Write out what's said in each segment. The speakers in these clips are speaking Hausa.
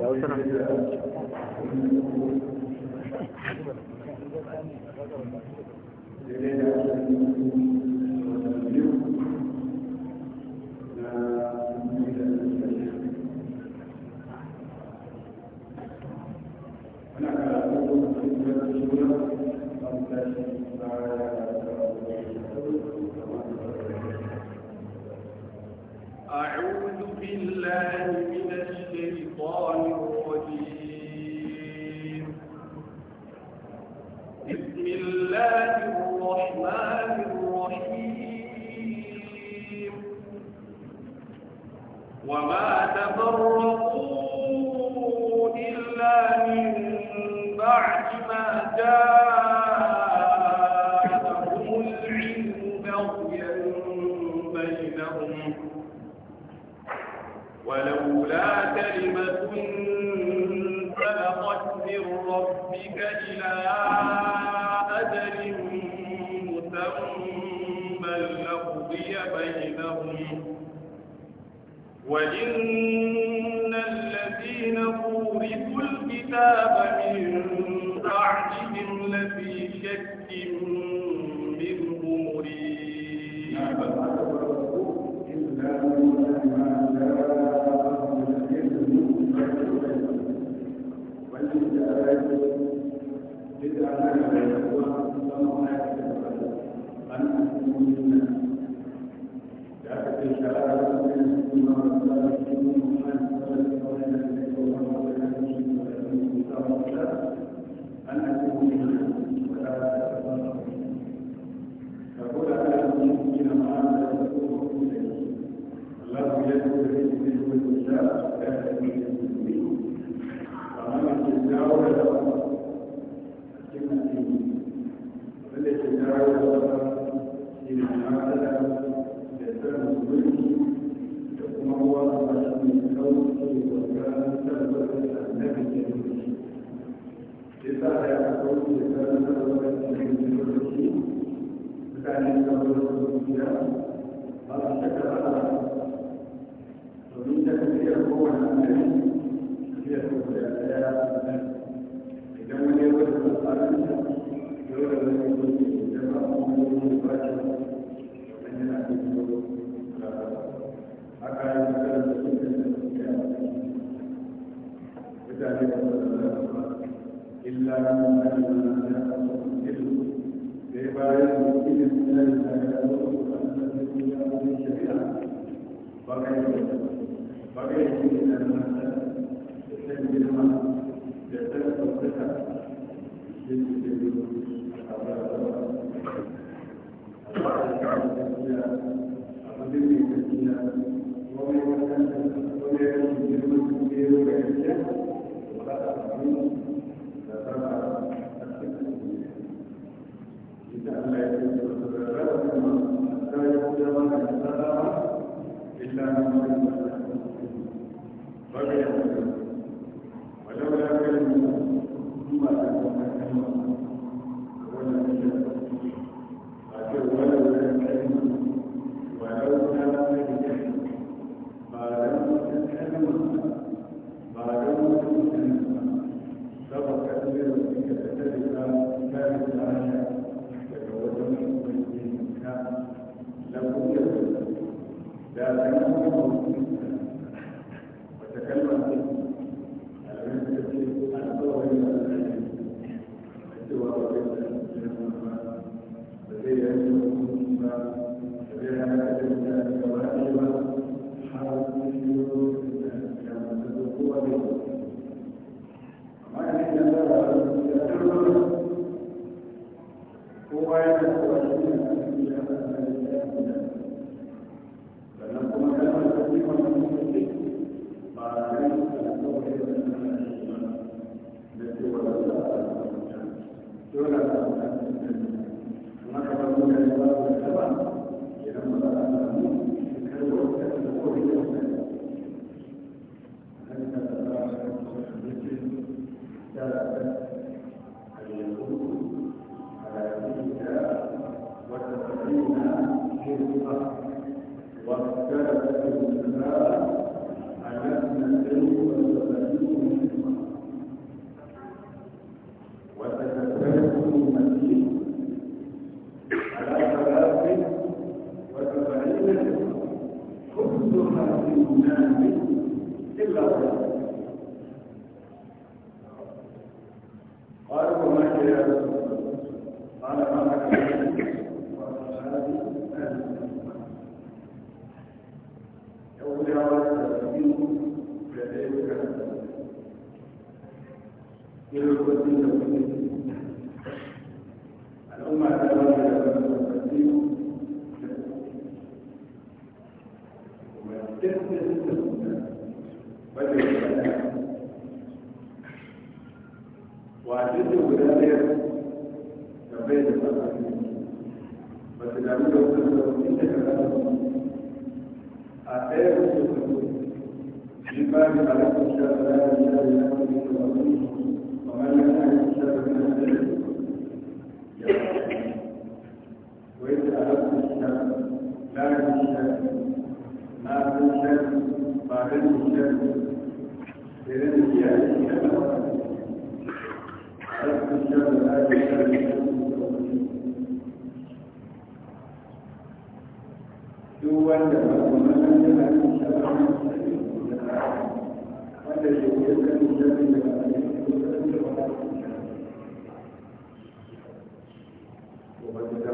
Gracias. وإن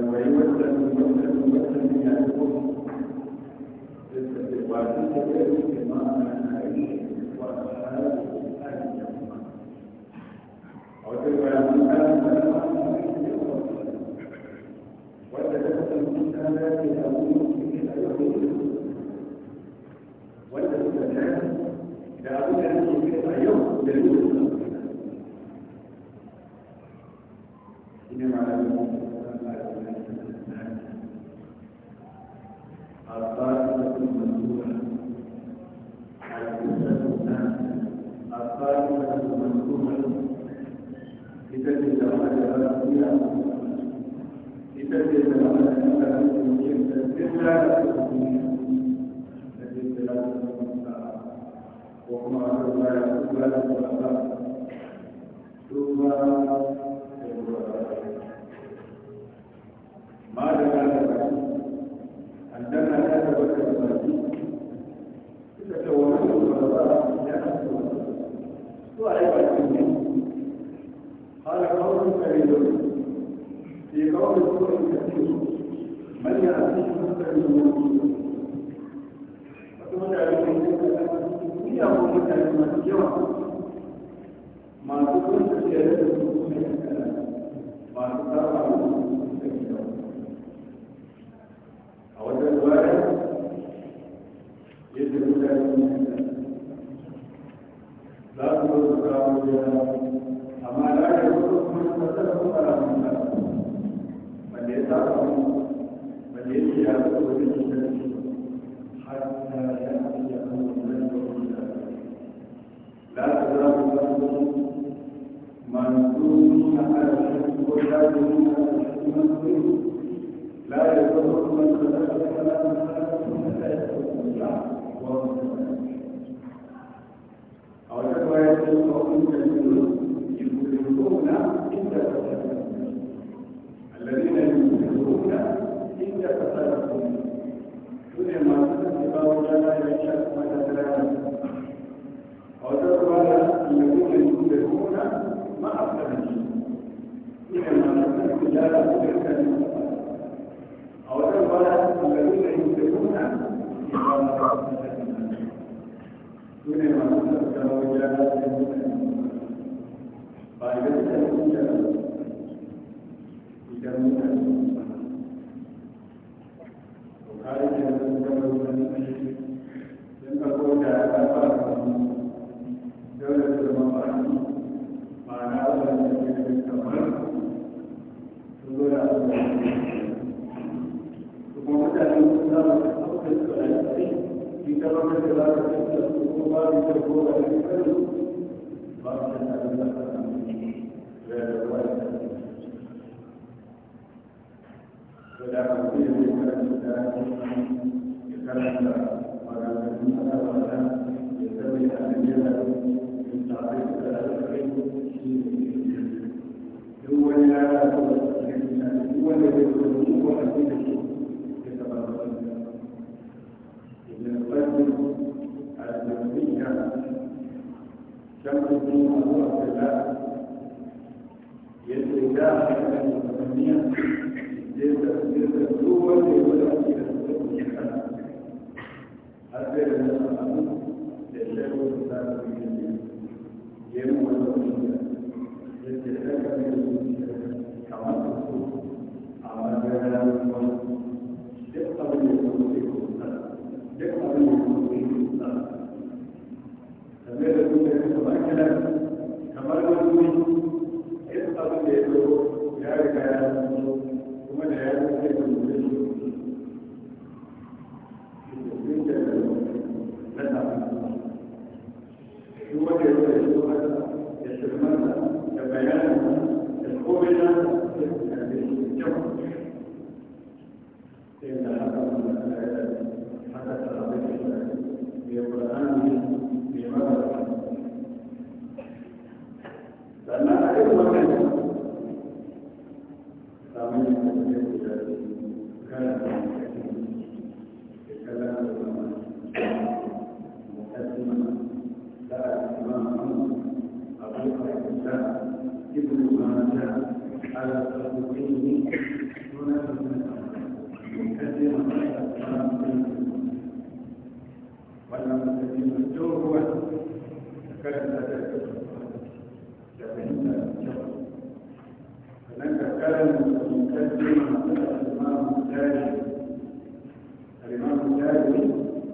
Thank you. natural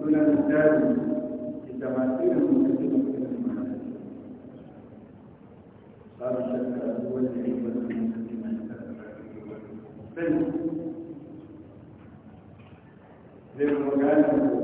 kuna mizazi ya tamathili katika kila mahali. Bila shaka huwa ni hivyo katika maisha ya kila mtu. Leo mwanadamu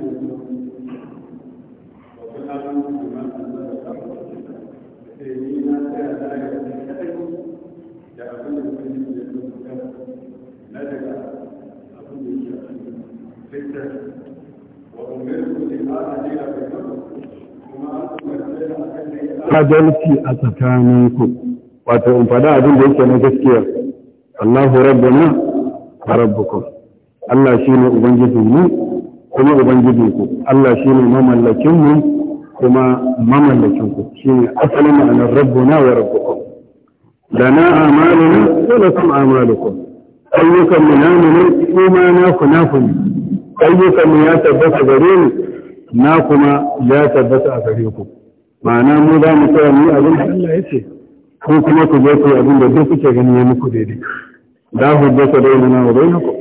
adalci a tsakaninku wato in faɗa abin da yake na gaskiya Allahu rabbana wa rabbukum Allah shine ubangijin mu kuma ubangijin ku Allah shine mamallakin mu kuma mamallakin ku shine asalin ma'anar rabbuna wa rabbukum lana amaluna wa lakum amalukum ayyukan mu namu ne kuma na ku ne ayyukan mu ya tabbata gare ni na kuma ya tabbata a gare ku ma'ana mu za mu tsaya mu abin da Allah ya ce ko kuma ku zo ku abin da duk kuke gani ya muku daidai da hujja dai na wa bainakum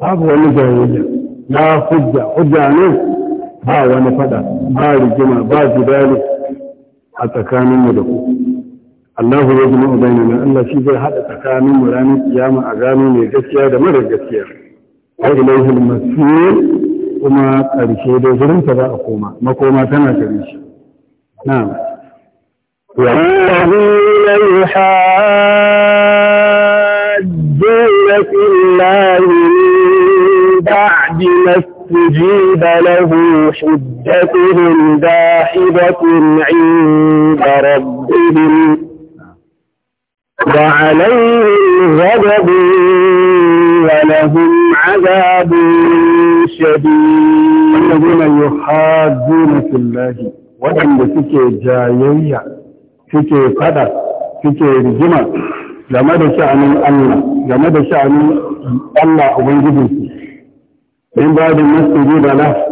babu wani jahiliya na hujja hujja ne ba wani fada ba rigima ba jidali a tsakanin mu da ku Allah ya zama bainana Allah shi zai hada tsakanin mu ranar kiyama a gano mai gaskiya da mara gaskiya ai ilaihi al-masir kuma karshe da gurin ta za a koma makoma tana karshe shi نعم والذين يحاجون في الله بعد ما استجيب له حجتهم داحضة عند ربهم وعليهم غضب ولهم عذاب شديد الذين يحاجون في الله waɗanda suke jayayya suke fada suke rigima game da sha'anin Allah game da sha'anin Allah su, in ba da masu da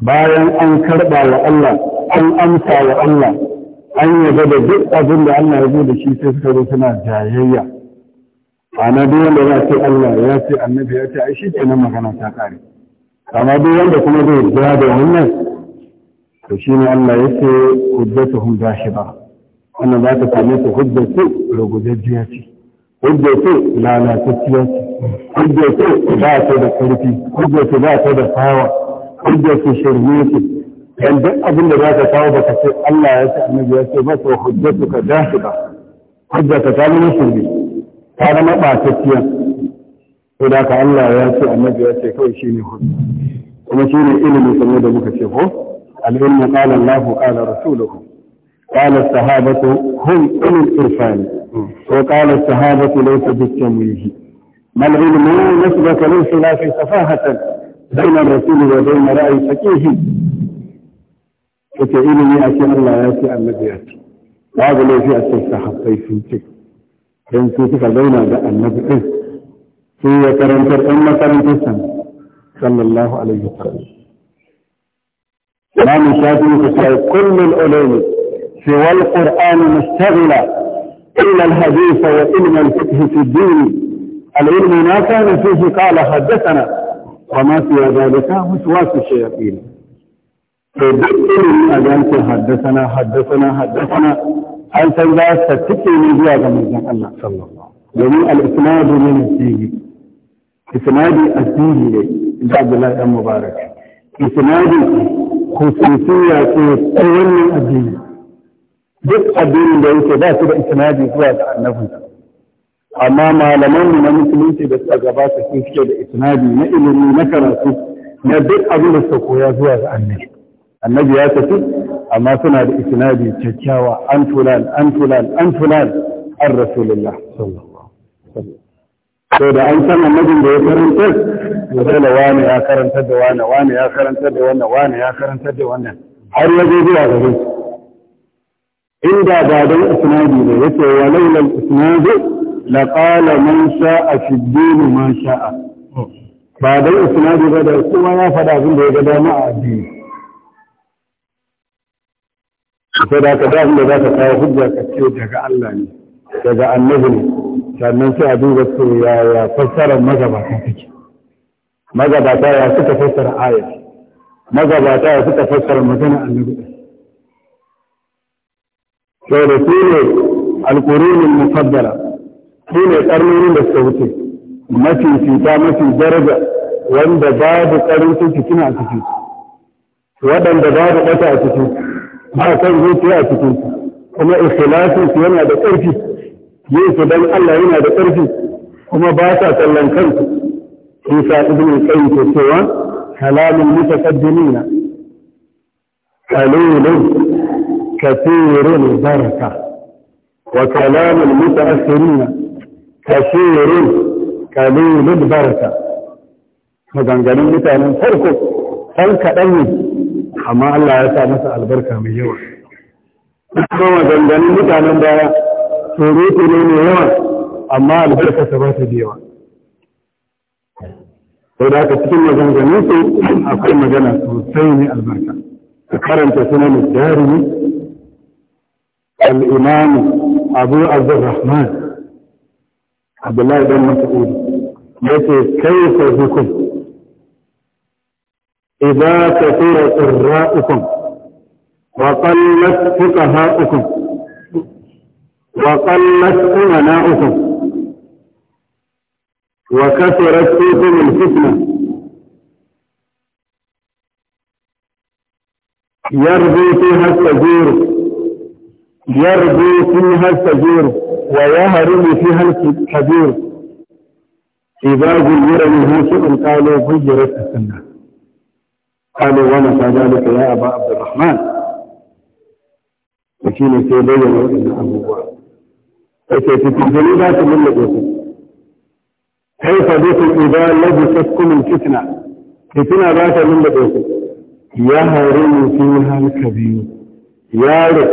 bayan an karɓa wa Allah an amsa wa Allah an yaba da duk abin da Allah ya zo da shi sai suka zo suna jayayya ana duk wanda ya ce Allah ya ce annabi ya ce ai shi nan magana ta kare amma duk wanda kuma zai ja da wannan to shi ne Allah ya ce hujjatuhum ba. wannan za ta same su hujjata rugujajjiya ce hujjata lalatacciya ce hujjatu ba ta da karfi hujjata ba ta da fawa hujjata shirme ce dan duk abin da za ka kawo baka ce Allah ya ce annabi ya ce ka hujjatuka ba. hujjata ta nuna shirme ta zama ɓatacciya to da ka Allah ya ce annabi ya ce kawai shi ne hujja kuma shi ne ilimin sanye da muka ce ko العلم قال الله قال رسوله قال الصحابة هم أم الإرسال وقال الصحابة ليس بالكمله ما العلم نسبك ليس لا في صفاهة بين الرسول وبين رأي فكيه فتعيني يأتي الله يأتي الذي يأتي وهذا لو في أسر صحب طيف انتك فانتك بين النبي في يترنتر أم ترنتسن صلى الله عليه وسلم إمام الشافعي في كل العلوم سوى القرآن مشتغلة إلا الحديث وإلم الفقه في الدين العلم ما كان فيه قال حدثنا وما في ذلك وسواس الشياطين فبدل أذان حدثنا حدثنا حدثنا أن تنزع ستكي من زيادة من الله صلى الله عليه وسلم يعني الإسناد من الدين إسناد الدين لعبد الله المبارك إسناد kusurfiya ce ta wannan addini duk addini da yake ba su da isnadi zuwa ga annabi amma malaman mu na musulunci da suka gabata sun suke da isnadi na ilimi na karatu na duk abin da suka koya zuwa ga annabi annabi ya tafi amma suna da isnadi kyakkyawa an tulan an tulan an tulan an rasulullah sallallahu alaihi wasallam da an san annabin da ya karanta dole wani ya karanta da wani wani ya karanta da wannan wani ya karanta da wannan har ya zo zuwa gare shi inda ba don isnadi ne yace wa laula isnadi la qala man sha'a fi din ma sha'a ba don isnadi ba da kuma ya faɗa abin da ya ga dama a addini sai da ka da abin da za ka kawo hujja ka ce daga Allah ne daga annabi ne sannan sai a duba to yaya fassarar magabata take magabata ya suka fassara ayat magabata ya suka fassara magana annabi sai da su ne alƙurunin mufaddala su ne ƙarnonin da suka wuce mafi fita mafi daraja wanda babu ƙarancin fitina a cikin waɗanda babu ɓata a cikin ba kan zuciya a cikin kuma ikhlasin su yana da ƙarfi yin su don Allah yana da ƙarfi kuma ba sa kallon kansu عيسى ابن القيم سوى كلام المتقدمين قليل كثير البركه وكلام المتأخرين كثير قليل البركه مثلا قالوا مثلا فرقوا فلك أني أما الله يسأل نسأل بركة من يوم أما قالوا مثلا البركه سبات اليوم هناك كل مجنزميته أقل مجنة سنتين البركة فقرمت سنن الدارمي الإمام أبو عبد الرحمن عبد الله بن مسعود يتي كيف بكم إذا كثير قراءكم وقلت فقهاؤكم وقلت أمناؤكم وكثرت فيكم الفتنة يربو فيها السجير يربو فيها السجير ويهرم فيها الكبير إذا جير منه شيء قالوا غيرت السنة قالوا ونفى ذلك يا أبا عبد الرحمن وشين سيبين وإن أبوه فكيف تتجلي لا تملك وسنة كيف بكم إذا لبستكم الفتنة فتنة ذات من لبسكم يهرم فيها الكبير يارب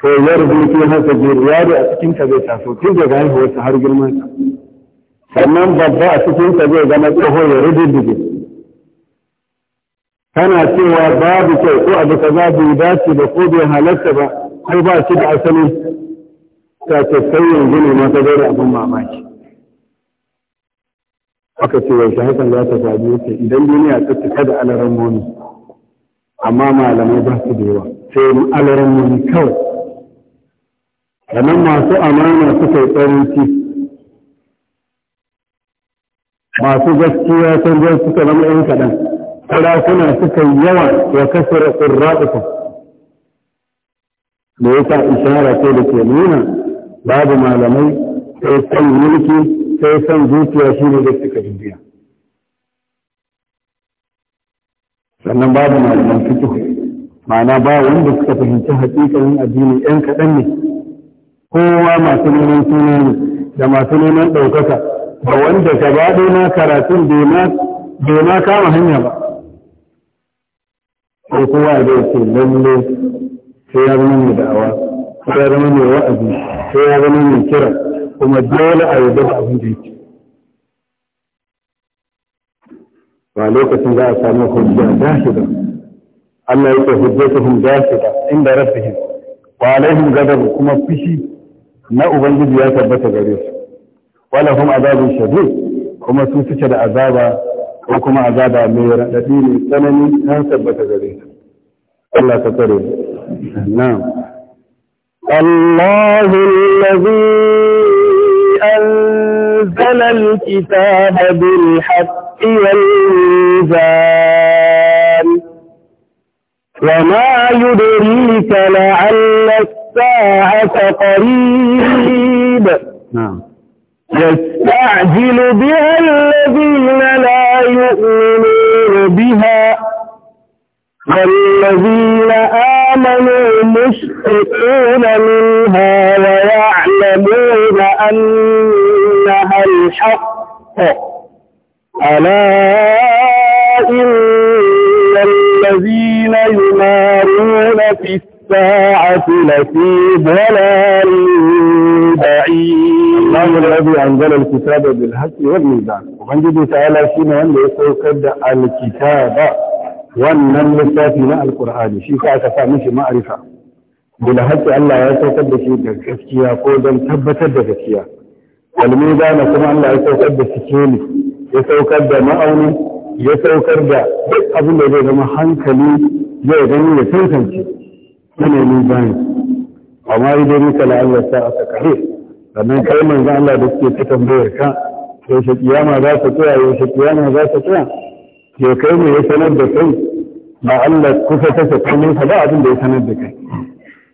فيرضي فيها الكبير يارب أتكين كبير تاسو تيجا غاي هو سهر جلمان sannan babba a cikin ta zai zama tsoho ya rubuce kana cewa babu kyau ko abu kaza bai dace da ko bai halarta ba ko ba shi da asali ta ce sai yanzu ne ma ta zaura abin mamaki aka ce yaushe hakan za ta faru yake idan duniya ta cika da alaran muni amma malamai ba su da yawa sai alaran muni kawai sannan masu amana suka yi tsarinci masu gaskiya sun zai suka zama yan kaɗan sarakuna suka yawa ya kasar ƙurra'ukum da yasa ishara ce da ke nuna babu malamai sai san mulki sai son zuciya shi ne da suka duniya sannan babu malaman fito ma'ana ba wanda suka fahimci hakikalin addini yan kaɗan ne kowa masu neman suna ne da masu neman ɗaukaka ba wanda gaba ɗaya na karatun bai ma kama hanya ba sai kowa da yake lalle sai ya zama mai da'awa sai ya zama mai wa'azi sai ya zama mai kira kuma dole a yarda da abin da yake ba lokacin za a samu hujja dashida Allah yake hujjatuhum dashida inda rabbihim wa alaihim ghadab kuma fushi na ubangiji ya tabbata gare su wala hum azabun shadid kuma su suke da azaba ko kuma azaba mai radadi ne tsanani ta tabbata gare su Allah ka tsare na'am الله الذي أنزل الكتاب بالحق والميزان وما يدريك لعل الساعة قريب نعم يستعجل بها الذين لا يؤمنون بها والذين آمنوا آمنوا مشفقون منها ويعلمون أنها الحق ألا إن الذين يمارون في الساعة لفي ضلال بعيد الله الذي أنزل الكتاب بالحق والميزان ومن جد تعالى شيئا أن يسوق الكتاب wannan lissafi na alkur'ani shi ka aka sa mishi ma'arifa bila haƙƙi Allah ya saukar da shi da gaskiya ko don tabbatar da gaskiya kalmi gane kuma Allah ya saukar da sikeli ya saukar da ma'auni ya saukar da duk abin da zai zama hankali zai gani ya tantance yana yi bani amma idan nika Allah sa aka kare sannan kai manzo Allah da suke ta tambayar ka yaushe kiyama za ta tsaya yaushe kiyama za ta tsaya ke kai ne ya sanar da kai ba Allah kusa ta tsakanin ka ba abin da ya sanar da kai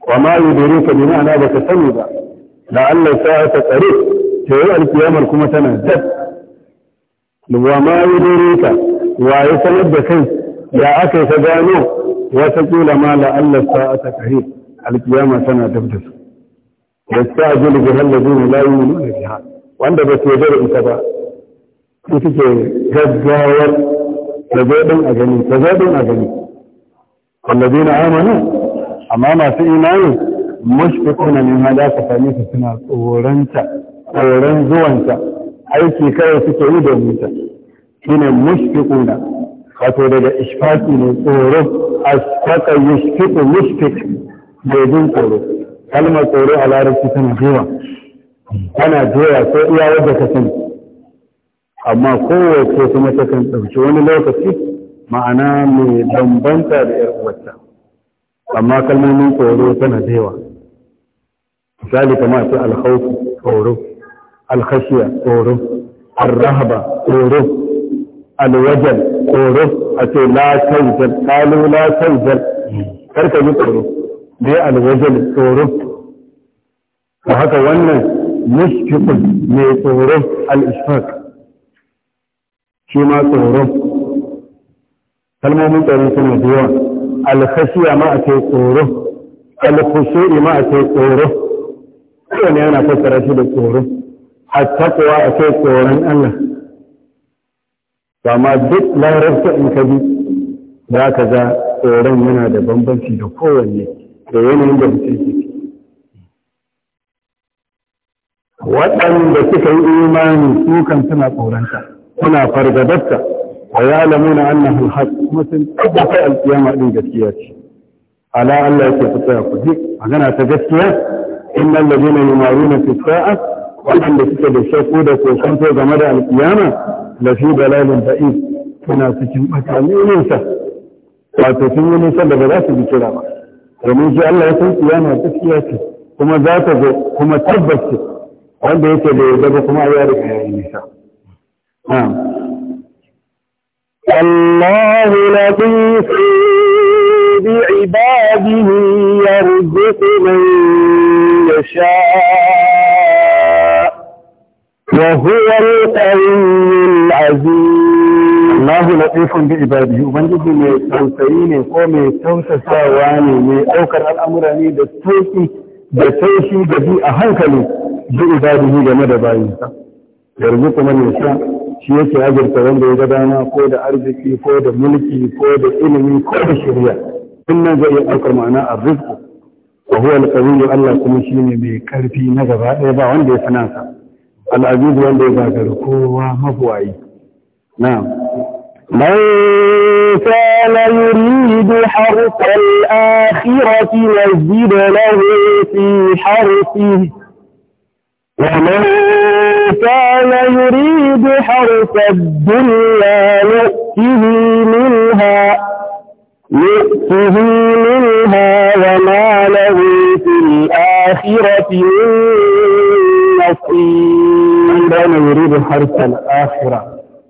wa ma yudiru ka bi ma'ana ba ka sani ba da Allah sa ta tsare ke yi alkiyamar kuma tana dab wa ma yudiru ka wa ya sanar da kai ya aka ta gano wata kila ma la Allah sa ta kare alkiyama tana dab da su ya sa yasta'jilu bihal ladina la yu'minuna biha wanda ba su yarda da ita ba su suke gaggawar ka zo ɗin a gani ka zo ɗin a gani wallabi na amanu amma masu imani mushfiquna min hada ka sami su suna tsoronta tsoron zuwanta aiki kawai suke yi domin ta shine mushfiquna wato daga ishfaqi ne tsoro asfaqa yushfiqu mushfiq bai jin tsoro kalmar tsoro a larabci tana jewa tana jewa sai iya wadda ka sani amma kowace kuma takan ɗauki wani lokaci ma'ana mai bambanta da ‘yar uwarta amma kalmomin tsoro tana da yawa misali kama ce alhauku tsoro alhashiya tsoro arrahaba tsoro alwajal tsoro a ce la tawjal kalu la tawjal karka ji tsoro ne alwajal tsoro da haka wannan mushkikun mai tsoro al-ishfaq shi ma tsoro kalmomin tsoro suna da yawa ma a kai tsoro alkhushu'i ma a kai tsoro kowane yana fassara shi da tsoro a takwa a kai tsoron Allah amma duk larabta in ka bi za ka ga tsoron yana da bambanci da kowanne da yanayin da mutum ke waɗanda suka yi imani su kan suna tsoronta suna fargabarta wa ya annahu al-haq kuma sun tabbata al din gaskiya ce ala Allah yake fita ku ji magana ta gaskiya in nan innal ladina yumaruna na sa'a waɗanda suke da shakku da kokon to game da al-qiyama la fi dalalin ba'id suna cikin makalin sa wato sun yi nisan da ba za su bi kira ba domin shi Allah ya san kiyama gaskiya ce kuma za ta zo kuma tabbas wanda yake da ya yadda kuma ya riga ya yi nisa نعم الله لطيف بعباده يرزق من يشاء وهو القوي العزيز الله لطيف بعباده ubangiji mai tausayi ne ko mai tausasawa ne mai ɗaukar al'amura ne da sauki da sauki da bi a hankali bi ibadihi game da bayinsa yarzuqu man yasha shi yake azurta wanda ya ga ko da arziki ko da mulki ko da ilimi ko da shirya nan zai iya ɗaukar ma'ana a rizku wa huwa alqawiyyu Allah kuma shi ne mai karfi na gaba ɗaya ba wanda ya sana sa al wanda ya gagara kowa mabuwayi na'am man kana yuridu harfa al كان يريد حرث الدنيا نؤته منها نؤته منها وما له في الآخرة من نصيب كان يريد حرث الآخرة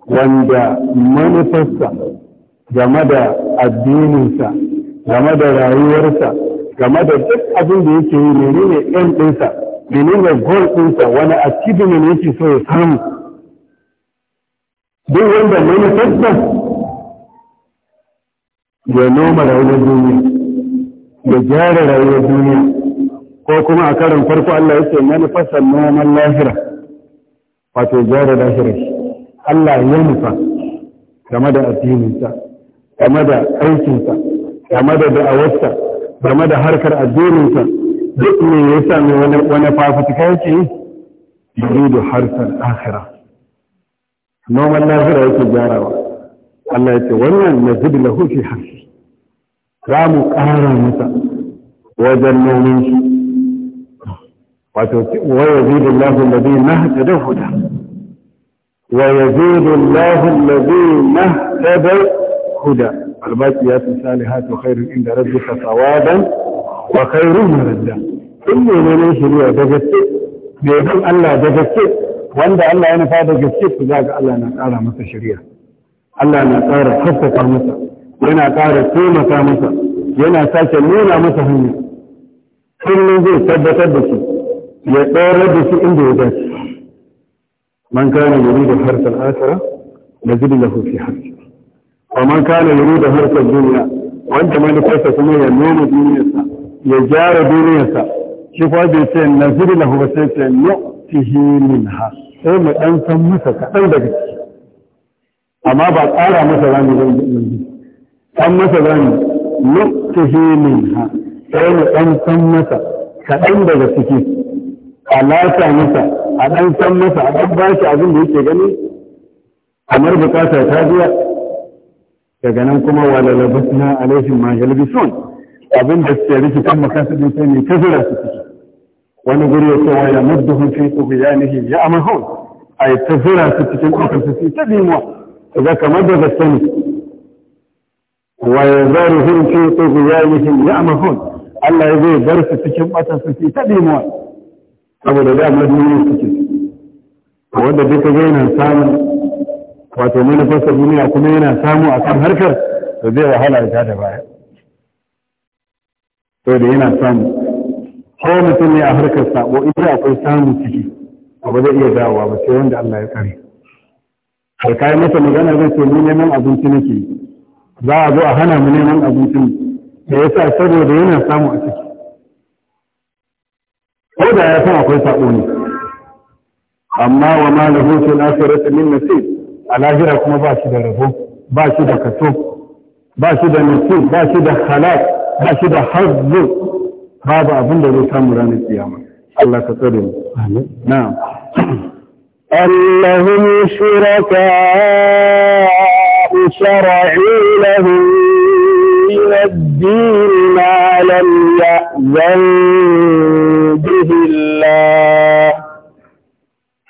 وندى منفسة جمد الدين جمد رايورسة game da duk abin da yake menene goal ɗinsa wani achievement yake so ya samu duk wanda manifesta ya noma rayuwar duniya ya gyara rayuwar duniya ko kuma a karin farko Allah ya ce mani fasa noman lahira wato gyara lahira shi Allah ya nufa game da addininsa game da aikinsa game da da'awarsa game da harkar addininsa duk me ya sami wani fafutuka yake yuridu harsan akhira noman lahira yake gyarawa Allah ya ce wannan na zubi lahu fi harsi za mu ƙara masa wajen nomin shi wato wa yazidu Allahu alladhi nahtada huda wa yazidu Allahu alladhi nahtada huda albaqiyatu salihatu khairun inda rabbika thawaban وخيره من رجاء كل من يشري دجسك بيقول الله دجسك وعند الله أنا فاد دجسك فجاك الله أنا قال مثل شريعة الله أنا قال حفظ مسا وأنا قال سيمة مسا وأنا ساك نونا مسا هنا كل من ذي سبب تبسي يقال بسي عنده بس من كان يريد حرث الآخرة نزل له في حرث ومن كان يريد حرث الدنيا وانت ما نفسك سمية نوم الدنيا ya gyara duniyarsa shi kuwa bai ce na zuri na ba sai ce no tihi min ha sai mu dan san masa kaɗan daga ciki amma ba ƙara masa rami zan yi ɗan masa rami no tihi min ha sai mu dan san masa kaɗan daga ciki a lasa masa a dan san masa a dan bashi abin da yake gani kamar bukatar ta biya daga nan kuma wala labasna alaihim ma yalbisun abin da suke rufe kan makansu din sai ne kafira su ciki wani guri ya ce wa ya mudduhum fi tughyanihi ya amahun ay tazira su cikin ɗaukar su ta dimuwa kaga kamar da gaske ne wa ya zaruhum fi tughyanihi ya amahun Allah ya zai bar su cikin ɓatan su ta dimuwa saboda da amma duniya suke wanda duka zai yana samu wato manufarsa duniya kuma yana samu a kan harkar to zai wahala ya ta da baya to da yana samu ko mutum ne a harkar sabo ita akwai samun ciki abu zai iya dawowa ba sai wanda Allah ya kare har kai masa magana zai ce ni neman abinci nake za a zo a hana mu neman abincin da yasa saboda yana samu a ciki ko da ya san akwai sabo ne amma wa ma lahu fil akhirati min nasib a lahira kuma ba shi da rabo ba shi da kaso ba shi da nasib ba shi da halak ba shi da hazzo babu abin da zai samu ranar kiyama Allah ka tsare mu اللهم شركاء شرعوا من الدين ما لم يأذن به الله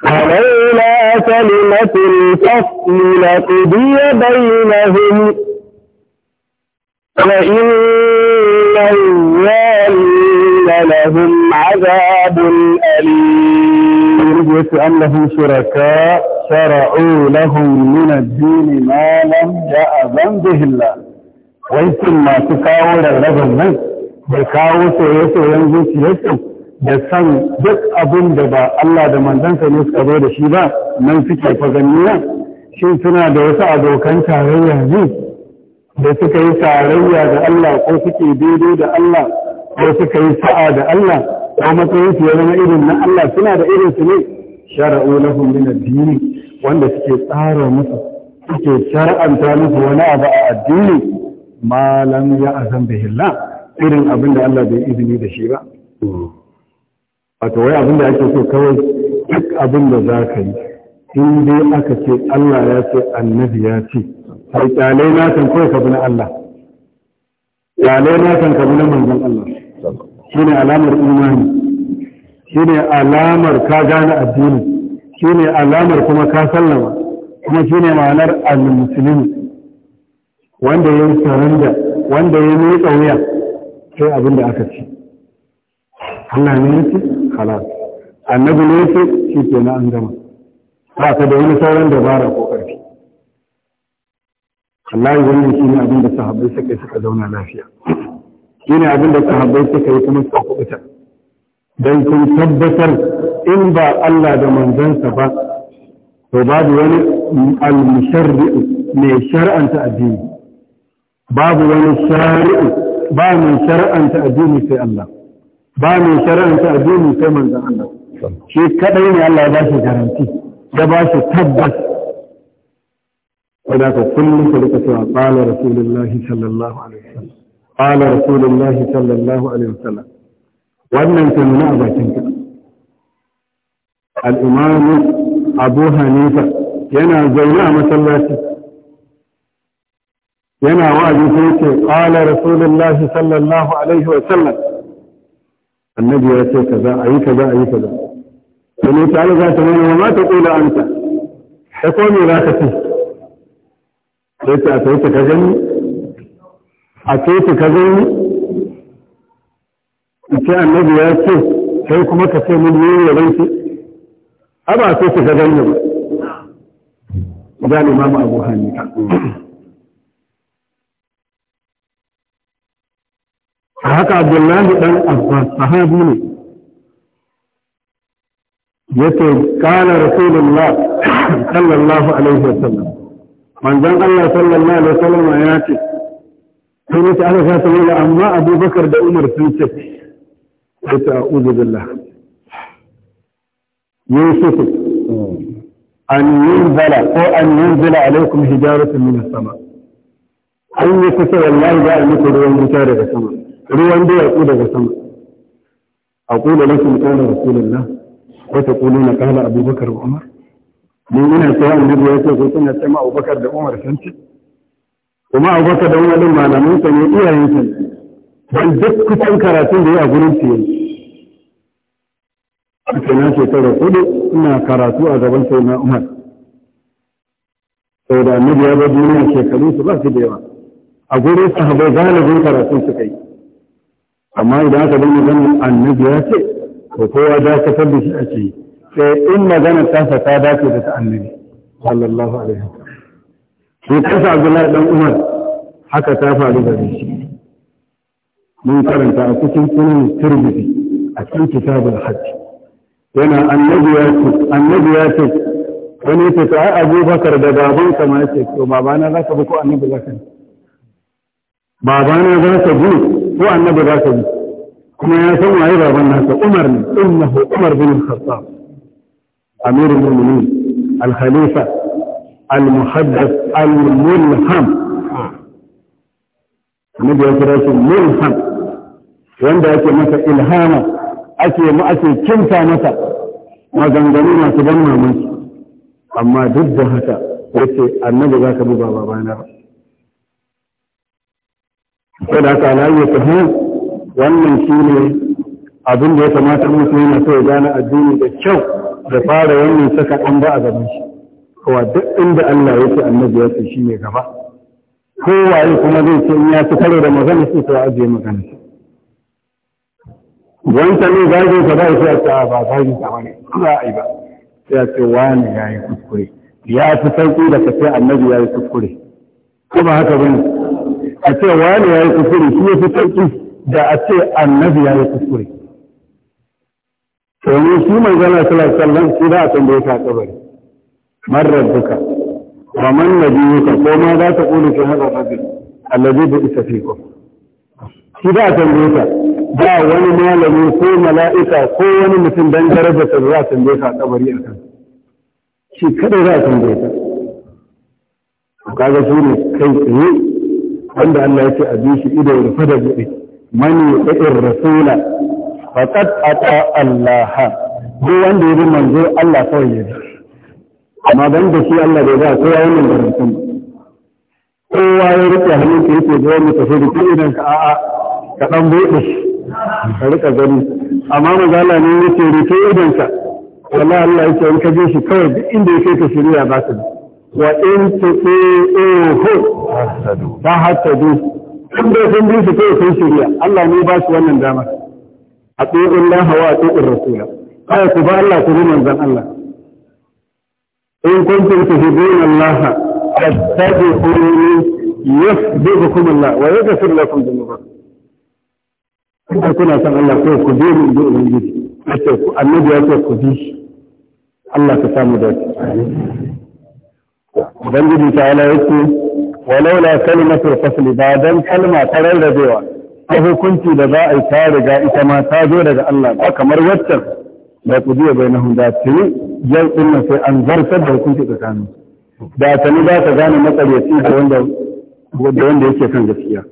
ولولا كلمة الفصل لقضي بينهم وإن الظالمين لهم عذاب أليم أم لهم شركاء شرعوا لهم من الدين ما لم يأذن به الله وإنتم ما تكاور الرجل bai kawo soye-soyen zuciyarsu da san duk abin da ba Allah da manzansa ne suka zo da shi ba nan suke shin suna da wasu abokan tarayya da suka yi tarayya da Allah ko suke daidai da Allah ko suka yi sa'a da Allah ko matsayin su ya zama irin na Allah suna da irin su ne shara'u lahum min ad-din wanda suke tsara musu suke shar'anta musu wani abu a addini ma lam ya'zam bihi Allah irin abin da Allah bai izini da shi ba wato wai abin da ake so kawai duk abin da za ka yi in dai aka ce Allah ya ce annabi ya ce kai kyalai na kan kawai ka na Allah kyalai na kan ka na manzon Allah shine alamar imani shine alamar ka gane addini shine alamar kuma ka sallama kuma shine ma'anar al-muslimi wanda ya yi saranda wanda ya yi wuya sai abin da aka ci Allah ne ya ce halal annabi ne ya ce shi ke na an gama ba ka da wani sauran dabara ko ƙarfi wallahi wannan shine abin da sahabbai suka yi suka zauna lafiya shine abin da sahabbai suka yi kuma suka kubuta dan kun tabbatar in ba Allah da manzansa ba to babu wani al-musharri mai shar'anta addini babu wani shari'u ba mai shar'anta addini sai Allah ba mai shar'anta addini sai manzon Allah shi kadai ne Allah ya ba shi garanti ya ba shi tabbas هناك كل قال رسول الله صلى الله عليه وسلم قال رسول الله صلى الله عليه وسلم وأنك من أعضاء الإمام أبو حنيفة ينا زينا مسلاتي ينا وعد فيك قال رسول الله صلى الله عليه وسلم النبي يأتي كذا أي كذا أي كذا فلو تعالى ذات وما sai ta sai ta ka gani a sai ta ka gani ce annabi ya ce kai kuma ka ce mun yi ya rai a ba sai ta ka gani ba ga imam abu hanifa a haka abdullahi dan abbas sahabi ne yace kana rasulullah sallallahu alaihi wasallam manzon Allah sallallahu alaihi wasallam ya ce sai ne ta sa ta yi amma Abubakar da Umar sun ce sai ta uzu billah Yusuf an yunzala ko an yunzala alaikum hijaratun min sama an yi kusa wallahi za a muku ruwan wuta daga sama ruwan da ya daga sama A aqulu lakum qala rasulullah wa taquluna qala abubakar wa umar mun ne sai annabi ya ce ko kina sai ma Abubakar da Umar sun ce kuma Abubakar da Umar din malamin sa ne iyayen sa dan duk kusan karatun da ya gurin su yayi aka na shekara kudu ina karatu a gaban sai na Umar sau da annabi ya bar duniya shekaru su ba su da yawa a gurin sahabbai galibin karatun suka yi amma idan aka bar ganin annabi ya ce ko kowa ka da shi a ce sai in magana tasa ta dace da ta annabi sallallahu alaihi wasallam shi kasa Abdullahi dan Umar haka ta faru da shi mun karanta a cikin sunan Tirmidhi a cikin kitabul Hajj yana annabi ya ce annabi ya ce wani ya ce ai Abu Bakar da baban ka ma yace to babana za ka bi ko annabi za ka bi babana za ka bi ko annabi za ka bi kuma ya san waye baban nasa Umar ne innahu Umar bin Khattab امير المؤمنين الخليفة المحدث الملهم النبي يقول لك ملهم وانت اكي مسا الهاما اكي ما اكي كنتا مسا ما زنغنينا تبنى منك اما ضدها تقول النبي ذاك ابو بابا بانا فلاك على اي تهون وانا نشيني اظن يتماتر مسلمة سيدانا الدين بالشوق da fara wannan saka an ba a gaban shi kowa duk inda Allah ya ce annabi ya ce shi ne gaba kowaye kuma zai ce in ya fi karo da magana sai ta ajiye magana wanta ne za zage ta shi a ta ba zage ta bane a yi ba sai a ce wani ya yi kuskure ya fi sauki da ka ce annabi yayi kuskure kuma haka bane a ce wani ya yi kuskure shi ya fi sauki da a ce annabi yayi kuskure Sai shi mai zana sallallahu alaihi shi za a tambaye ka kabari marar duka wa man nabiyuka ko ma za ta kulu fi haka rajul allazi bi isafikum shi za a tambaye ka ba wani malami ko mala'ika ko wani mutum dan ta za a tambaye ka kabari akan shi kada za a tambaye ka kaga su ne kai tsaye wanda Allah ya ce a bi shi ido rufe da buɗe mani ɗa'in rasula faqad ata Allah duk wanda ya bi manzo Allah kawai ya bi amma dan da shi Allah bai ba kowa wannan garantin kowa ya rike hannun ka yake zo mu tafi da idan ka a'a ka dan bude ka rika gani amma magana ne yake rike idan ka wallahi Allah yake in ka je shi kawai duk inda yake ka shirya ba ka wa in tuqihu ta hatta du inda sun bi su kai sun shirya Allah ne ba su wannan damar أطيعوا الله وأطيعوا الرسول قال تبا الله تبين أنزل الله إن كنتم تهدون الله فاتبعوني يحببكم الله ويغفر لكم ذنوبكم أنت كنا سأل الله كيف كبير من دون الجد النبي أنت كبير الله تسامى ذلك وبنجد تعالى يقول ولولا كلمة الفصل بعدا كلمة ترى الذي ta hukunci da za a yi ta riga ita ma ta zo daga Allah ba kamar waccan da ku biya bai na hunda tuni yau din nan sai an zartar da hukunci tsakanin da tuni za ta gane matsalaci da wanda da wanda yake kan gaskiya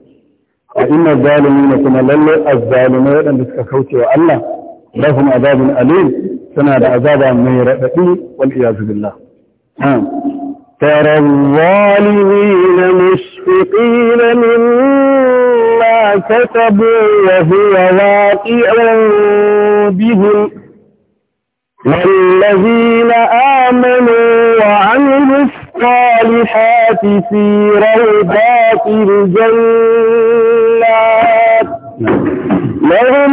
a inna zalimin kuma lalle azzalimai waɗanda suka kauce wa Allah lahum azabun alim suna da azaba mai raɗaɗi wal iyazu billah ترى الظالمين مشفقين مما كسبوا وهو واقع بهم والذين آمنوا وعملوا الصالحات في روضات الجنات لهم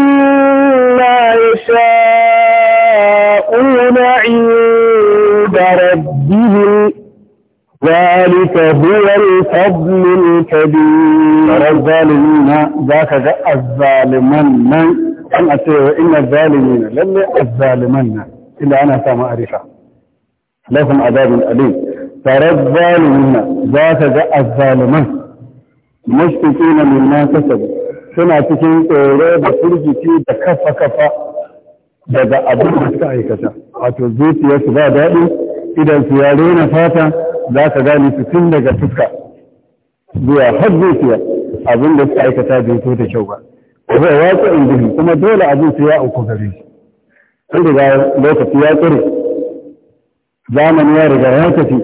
ذلك هو الفضل الكبير الظالمين ذاك الظالمان من أن أتيه إن الظالمين لم الظالمان إلا أنا سامع أريفا لهم عذاب أليم ترى الظالمين ذاك الظالمان مشتكين مما كسبوا سنة cikin tsoro فرجي firgici da kafa-kafa daga abin da أتوزيت يسبا دائم إذا سيالين فاتا za ka gane su tun daga fuska zuwa har zuciya abin da suka aikata bai to da kyau ba kuma ya ci in kuma dole abin su ya auku gare shi sun riga lokaci ya tsare zamani ya riga ya tafi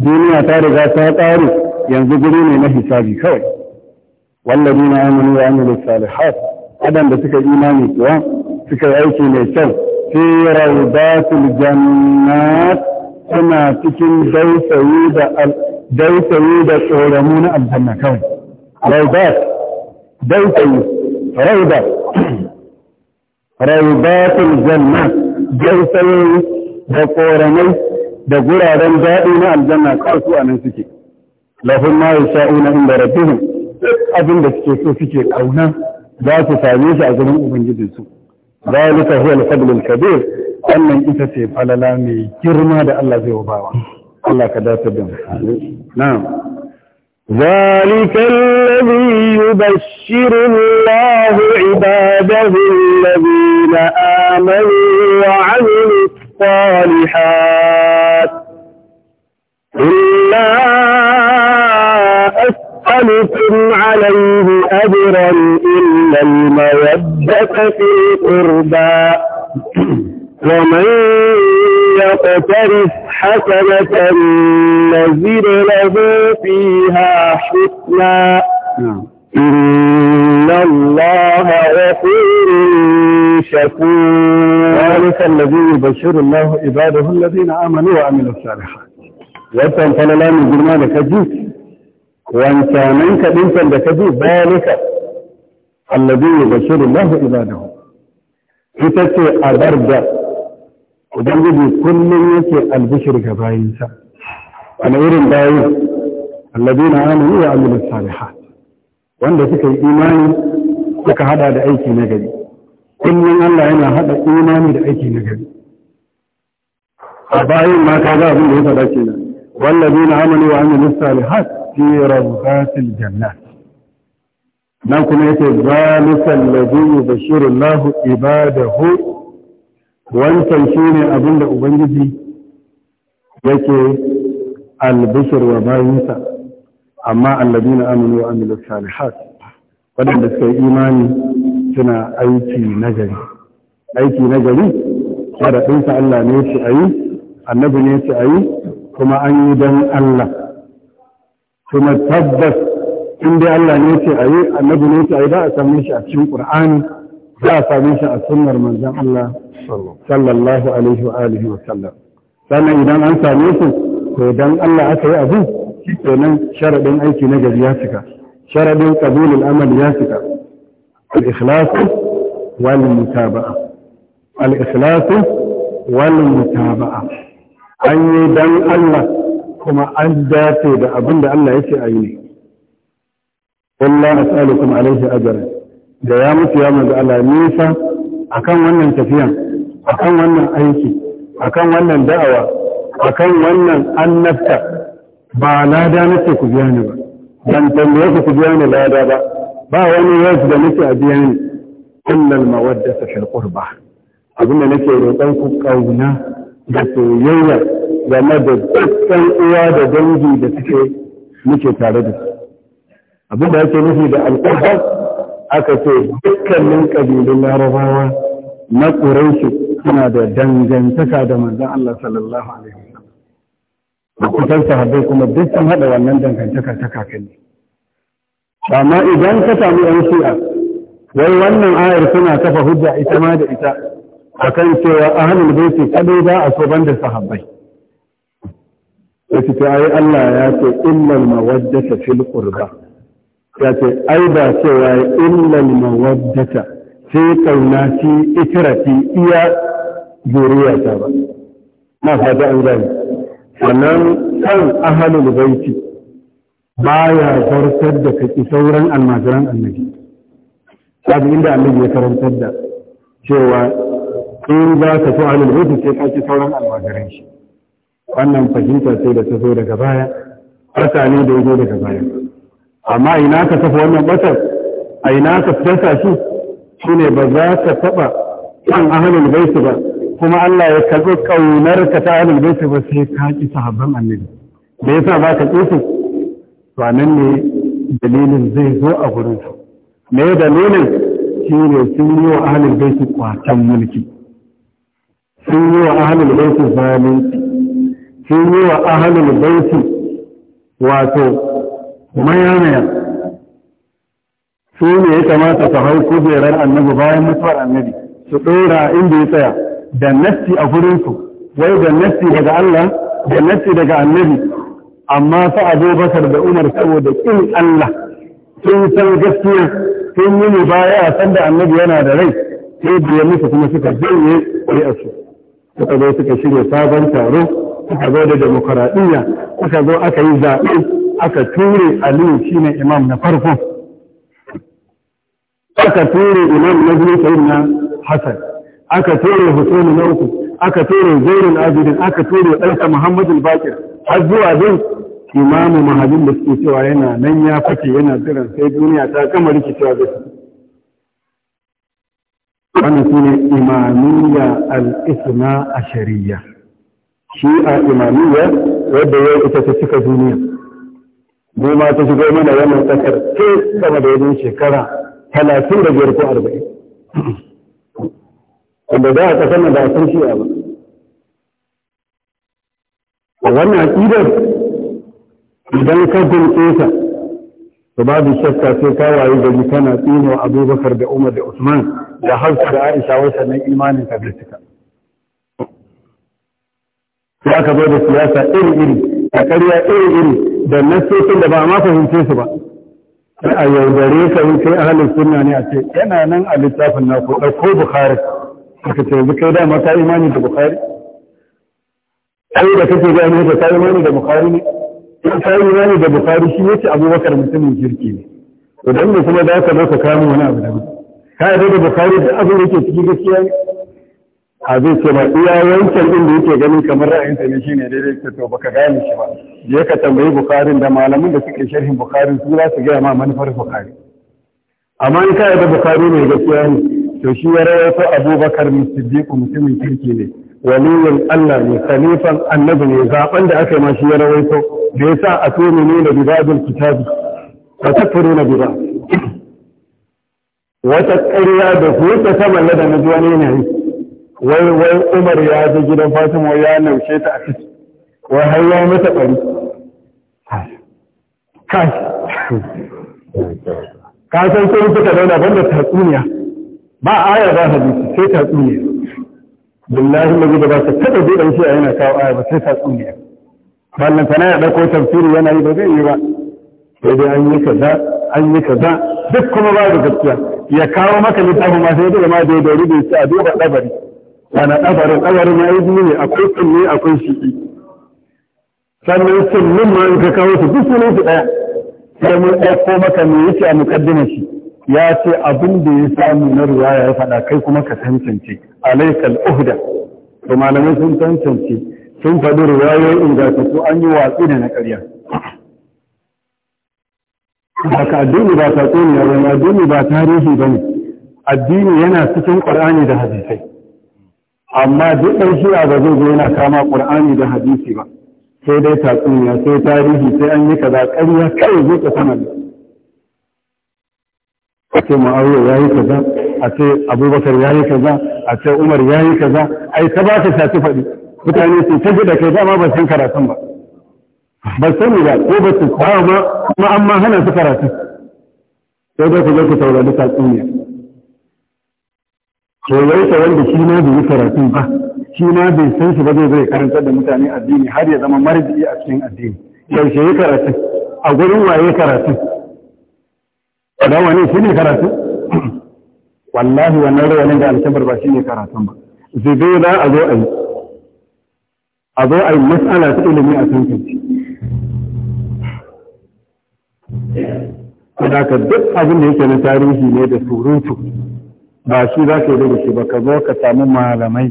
duniya ta riga ta tsare yanzu guri ne na hisabi kawai nuna wallazina amanu wa amilu salihat da suka imani kuwa suka yi aiki mai kyau fi rawdatul jannat suna cikin daisayi da dausayi da na aljanna kawai raudat daisayi raudat raudatul janna daisayi da tsoramai da guraren daɗi na aljanna kawai su anan suke lafin ma yasha'una inda rabbihim abin da suke so suke kauna za su same shi a gurin ubangijinsu ذلك هو الفضل الكبير wannan ita ce falala mai girma da Allah zai bawa Allah ka dace da na'am ذلك الذي يبشر الله عباده الذين آمنوا وعملوا الصالحات إلا أسألكم عليه أجرا إلا المودة في القربى ومن يقترف حسنة نزل له فيها حسنا نعم. إن الله غفور شكور ذلك الذي يبشر الله عباده الذين آمنوا وعملوا الصالحات قال لا من جرمان كجيك وان كان كبنتا لكجيك ذلك الذي يبشر الله عباده ita أبرد ubangiji kullum yake albishir ga bayinsa wani irin bayi na hannun wa amilu salihat wanda suka yi imani suka hada da aiki na gari kullum Allah yana hada imani da aiki na gari a bayin ma ka ga abin da ya faɗa kenan والذين عملوا وعملوا الصالحات في روضات الجنات نعم كما يتي ذلك الذي يبشر الله عباده wancan shi ne abin da ubangiji yake albishir wa bayinsa amma na amanu wa amilu salihat waɗanda suka yi imani suna aiki nagari aiki nagari ɗinsa Allah ne su a yi annabi ne su a yi kuma an yi don Allah kuma tabbas in dai Allah ne ce a yi annabi ne su a yi za a sami shi a cikin ƙur'ani za a same shi a sunnar manzan Allah sallallahu alaihi wa alihi wa sallam sannan idan an same su, to dan Allah aka yi abu kenan sharadin aiki na gari ya cika sharadin qabulul amal ya cika al-ikhlas wal mutaba'a al-ikhlas wal mutaba'a an yi dan Allah kuma an dace da abin da Allah ya ce a yi ne. Allah as'alukum alaihi ajran da ya mutu ya manzo Allah nisa akan wannan tafiyan akan wannan aiki akan wannan da'awa akan wannan annabta ba lada nake ku biya ni ba dan tambaye ku ku biya ni lada ba ba wani yasu da nake a biya ni illal mawaddata fil qurba abin da nake roƙon ku kauna da soyayya game da dukkan uwa da dangi da suke muke tare da su abin da yake nufi da alƙurba aka ce dukkanin ƙabilun larabawa na ƙuraishi suna da dangantaka da manzan Allah sallallahu alaihi wasallam kusan sahabbai kuma duk sun haɗa wannan dangantaka ta kakanni amma idan ka samu yan shi'a wai wannan ayar suna kafa hujja ita ma da ita A kan cewa a ahlul baiti kadai ba a so banda sahabbai yace ta yi Allah ya ce illal ta fil qurba ya ce ai ba cewa illal mawaddata sai kauna ci itirati iya zuriyata ba na fata an gani sannan san ahalul baiti baya zartar da kaki sauran almajiran annabi sabi inda annabi ya karantar da cewa in za ka so ahalul baiti sai ka ci sauran almajiran shi wannan fahimta sai da ta zo daga baya asali da ya zo daga baya amma ina ka tafi wannan batar a ina ka fita shi shi ne ba za ka taba kan bai su ba kuma Allah ya karbi kaunar ka ta bai su ba sai ka ki sahabban annabi da yasa ba ka tsufu to nan ne dalilin zai zo a gurin su me dalilin ne sun yi wa bai su kwatan mulki sun yi wa bai su zalunci sun yi wa bai su wato mayamaya su ne ya kamata su hau kujerar annabi bayan mutuwar annabi su ɗora inda ya tsaya da nassi a gurinsu wai da nassi daga Allah da nassi daga annabi amma fa zo basar da umar saboda kin Allah sun san gaskiya sun yi mu baya san da annabi yana da rai sai biya musu kuma suka janye ƙuri'arsu suka zo suka shirya sabon taro suka zo da demokaraɗiyya suka zo aka yi zaɓe aka ture aliyu ne imam na farko aka ture imam na biyu sai na hasan aka ture husaini na uku aka ture zainul abidin aka ture ɗansa Muhammadu bakir har zuwa zai imamu mahadin da suke cewa yana nan ya fake yana jiran sai duniya ta gama rikicewa da su Wani su ne imamiyya al-isna a shari'a shi a imamiyya wadda ya ita ta cika duniya mu ma ta shigo mana wannan tsakar tun sama da wajen shekara talatin da biyar ko arba'in wanda za a kasar da a san shi ba wannan aƙidar idan ka dinke ta to babu shakka sai ka wayi gari kana tsino abubakar da umar da usman da hausa da aisha wai sannan imanin ka bincika sai aka zo da siyasa iri-iri da ƙarya iri-iri da nassosin da ba a ma fahimce su ba sai a yaudare ka yi kai ahalin suna ne a ce yana nan a littafin na ko ɗauko a ka ce yanzu kai dama ka imani da bukhari kai da kake ga ne ta imani da bukhari ne in ta imani da bukhari shi yace abubakar mutumin jirki ne to dan ne kuma da ka zo ka kamo wani abu da ka yi da bukhari da abin da yake cikin gaskiya ne abin ce ma iya wancan din da yake ganin kamar ra'ayin ta ne shine daidai ce to baka gane shi ba je ka tambayi bukarin da malamin da suke sharhin bukarin su za su gaya ma manufar bukari amma in ka yarda bukhari ne gaskiya ne to shi ya rawaito abubakar ne mutumin kirki ne waliyin allah ne khalifan annabi ne zaben da aka yi ma shi ya rawaito da yasa a tuni ne da bibadul kitabi wa takfuruna biba wata ƙarya da ku ta sama da na wani wai wai Umar ya je gidan Fatima ya naushe ta a ciki wai har ya mata bari ka san sai suka dauna banda tatsuniya ba aya ba hadisi sai tatsuniya billahi mazi da ba ka taɓa zai dan a yana kawo aya ba sai tatsuniya ballan tana ya ɗauko tafsiri yana yi ba zai yi ba sai dai an yi kaza an yi kaza duk kuma ba da gaskiya ya kawo maka littafin ma sai da ma daidai ya da ya ci a duba labari wani ɗabarin ɗabarin ya yi biyu ne akwai sunni akwai shi'i sannan sunnin ma in ka kawo su duk sunan su ɗaya sai mun ɗauko maka me yake a mukaddina shi ya ce abin da ya samu na ruwaya ya faɗa kai kuma ka tantance alaikal uhda to malamai sun tantance sun faɗi ruwayoyin ko an yi watsi da na ƙarya haka addini ba tatsuniya ba addini ba tarihi ba addini yana cikin ƙwarani da hadisai amma duk ɗan shi'a ba zai zo yana kama ƙur'ani da hadisi ba sai dai tatsuniya sai tarihi sai an yi kaza ƙarya kai zai ka sanar a ce ma'auya ya yi kaza a ce abubakar ya yi kaza a ce umar ya yi kaza ai ta ba ka shafi faɗi mutane su ta da kai dama ba san karatun ba ba sani ba ko ba su kama ma kuma an ma hana su karatun sai dai ku je ku saurari tatsuniya to yaita wanda shi ma bai yi karatu ba shi ma bai san shi ba zai zai karanta da mutane addini har ya zama marji a cikin addini yaushe yi karatu a gurin waye karatu da wani shi ne karatu wallahi wannan rawanin da alkabar ba shi ne karatu ba zube za a zo a yi a zo a yi matsala ta ilimi a Kada ka duk abin da yake na tarihi ne da surutu ba shi za ka yi da shi ba ka zo ka samu malamai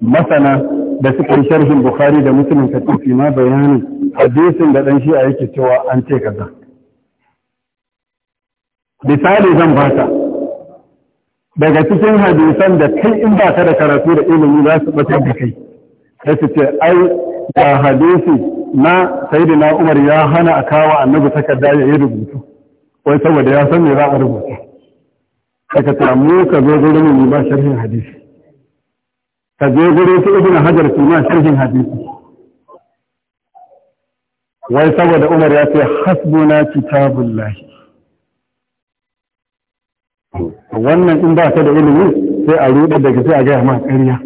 masana da suka yi sharhin bukhari da musulun ka tafi ma bayanin hadisin da dan shi'a yake cewa an ce kaza misali zan bata daga cikin hadisan da kai in ba ka da karatu da ilimi za su batar da kai sai su ce ai da hadisi na sayyidina umar ya hana a kawo annabi takarda ya yi rubutu wai saboda ya san me za a rubuta daga samu ka zo gurin mu ba sharhin hadisi ka je gurin su ibn hajar ki ma sharhin hadisi wai saboda umar ya ce hasbuna kitabullah wannan in ba ka da ilimi sai a ruɗe daga sai a gaya ma ƙarya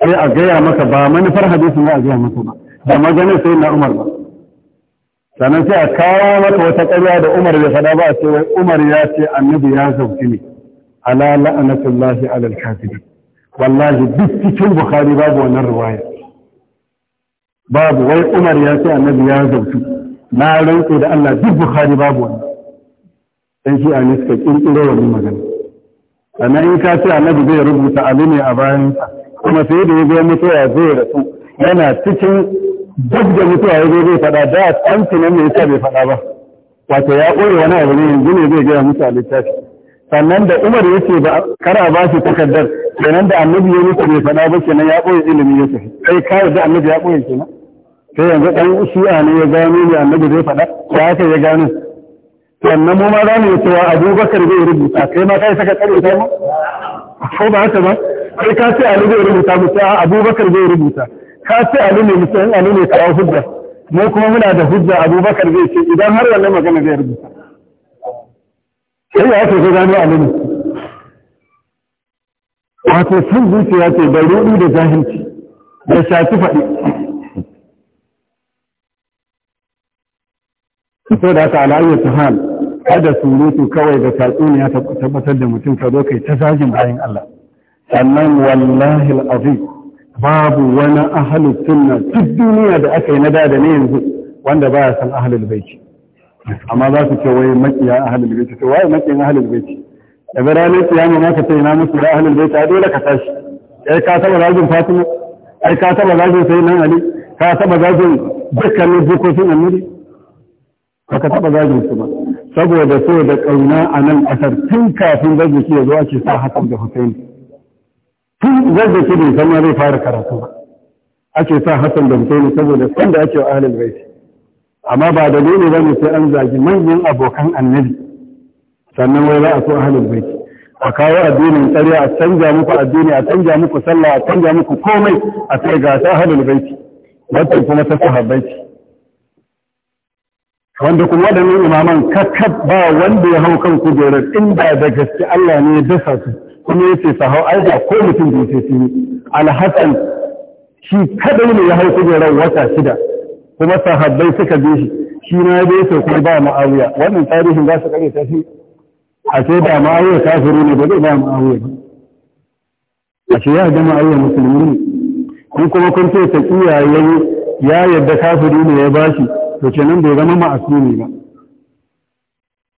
sai a gaya maka ba manufar hadisi ne a gaya maka ba da maganar sai na umar ba sannan sai a kawo mata wata ƙarya da umar bai faɗa ba a ce wai umar ya ce annabi ya zauki ne ala la'anatullahi alal kafiri wallahi duk cikin bukhari babu wannan riwaya babu wai umar ya ce annabi ya zauki na rantse da Allah duk bukhari babu wannan dan shi an suka kirkiro wannan magana sannan in ka ce annabi zai rubuta abu ne a bayansa kuma sai da ya ga mutuwa zai rasu yana cikin duk da mutuwa ya zo zai fada da an tunan mai yasa bai fada ba wato ya ƙoye wani abu ne yanzu ne zai gaya musu a littafi sannan da umar ya ce ba kara ba shi takardar kenan da annabi ya mutu bai fada ba kenan ya ƙoye ilimi ya tafi kai ka yarda annabi ya ƙoye kenan sai yanzu ɗan shi'a ne ya gano ne annabi zai fada? ko haka ya gano sannan mu ma za mu yi cewa abubakar zai rubuta kai ma kai saka tsare ta mu ko ba haka ba kai ka ce ali zai rubuta mu sai abubakar zai rubuta ka ce ali ne mutum in ali ne kawo hujja mu kuma muna da hujja abubakar zai ce idan har wannan magana zai rubuta sai ya ce gano ali ne wato sun zuciya ce da ruɗu da zahirci da shafi faɗi Ito da aka ala'ayyar su hal kada surutu kawai da tatsuniya ta tabbatar da mutum ka zo kai ta zagin bayan Allah sannan wallahi al'azim babu wani ahalin sunna duk duniya da aka yi nada da ne yanzu wanda ba ya san ahalin baiti amma za su ce wai makiya ahalin baiti to wai makiyan ahalin baiti daga ranar kiyama ma ka ce ina musu da ahalin baiti a dole ka tashi ai ka taba zagin fatima ai ka taba zagin sai nan ali ka taba zagin dukkanin jikokin annabi ba ka taba zagin su ba saboda so da kauna a nan kasar tun kafin zazzaki ya zo ake sa hakan da husaini tun wanda ke bai san ma zai fara karatu ba ake sa Hassan da Mutane, saboda san da ake wa ahalin bait amma ba da dole bane sai an zagi manyan abokan annabi sannan wai za a so ahalin a kawo addinin tsariya a canja muku addini a canja muku sallah a canja muku komai a sai ga ta halin bait wata kuma ta sahabbai wanda kuma waɗannan imaman kakkab ba wanda ya hau kan kujerar inda da gaske Allah ne ya dasa su kuma yake sahau aida ko mutum da yake sun yi alhassan shi kadai ne ya hau kujerar wata shida kuma sahabbai suka bi shi shi na dai sai kuma ba ma'awiya wannan tarihin za su kare tafi a ce da ma'awiya kafiru ne ba zai ba ma'awiya ba a ce ya ga ma'awiya musulmi ne kun kuma kun ce ta kiyaye ya yadda kafiri ne ya bashi to kenan bai zama ma'asumi ba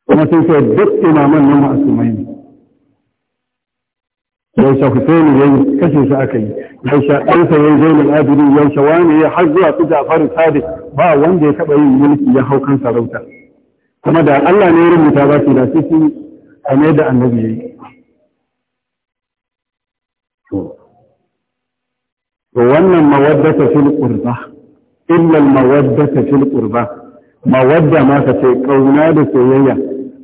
kuma sun ce duk imaman nan ma'asumai ne yaushe ya yi kashe su aka yi yaushe ɗansa yayi Zainul Abidin yaushe wani ya har zuwa su Ja'far Sadiq ba wanda ya taba yin mulki ya hau kan sarauta kuma da Allah ne ya rubuta ba shi da su su kamar da annabi yayi to wannan mawaddata fil qurba illa mawaddata fil qurba mawadda ma ka ce kauna da soyayya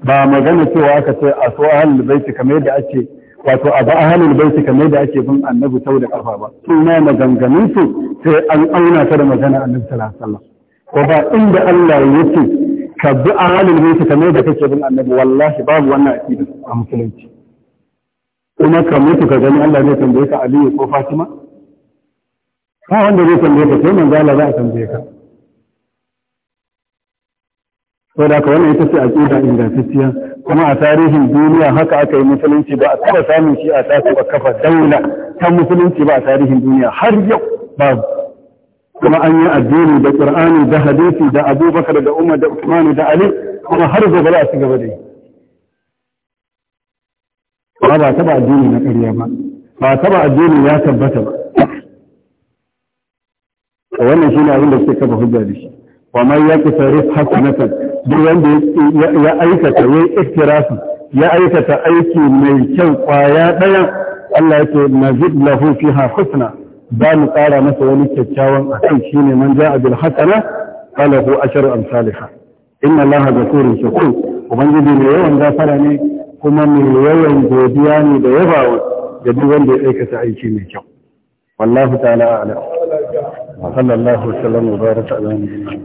ba magana cewa aka ce a so ahlul bait kamar yadda ake wato a ba ahalul baiti kamar da ake bin annabi sau da kafa ba su ma maganganun su sai an auna ta da magana annabi sallallahu alaihi wasallam ko ba inda Allah ya ce ka bi ahalul baiti kamar da kake bin annabi wallahi babu wannan aqida a musulunci kuma ka mutu ka gani Allah zai tambaye ka Aliyu ko Fatima ba wanda zai tambaye ka sai manzo Allah za a tambaye ka sau da wannan ita ce aƙida ingantacciya kuma a tarihin duniya haka aka yi musulunci ba a taɓa samun shi a taso a kafa daula ta musulunci ba a tarihin duniya har yau babu kuma an yi addini da qur'ani da hadisi da abubakar da umar da usman da ali kuma har gobe za a ci gaba da yi ba ba taɓa addini na ƙarya ba ba taɓa addini ya tabbata ba wannan shi ne abin da suke kafa hujja da shi wa man yaqtarif hasanatan duk wanda ya aikata ya iftirafi ya aikata aiki mai kyau kwaya ɗaya Allah yake nazid lahu fiha husna ba mu ƙara masa wani kyakkyawan akan shine man ja'a bil hasana falahu asharu amsalha inna Allah ghafurun shakur ubangiji ne yawan gafara ne kuma mai yawan godiya ne da yabawa ga duk wanda ya aikata aiki mai kyau wallahu ta'ala a'lam wa sallallahu wa sallam wa baraka ala nabiyyina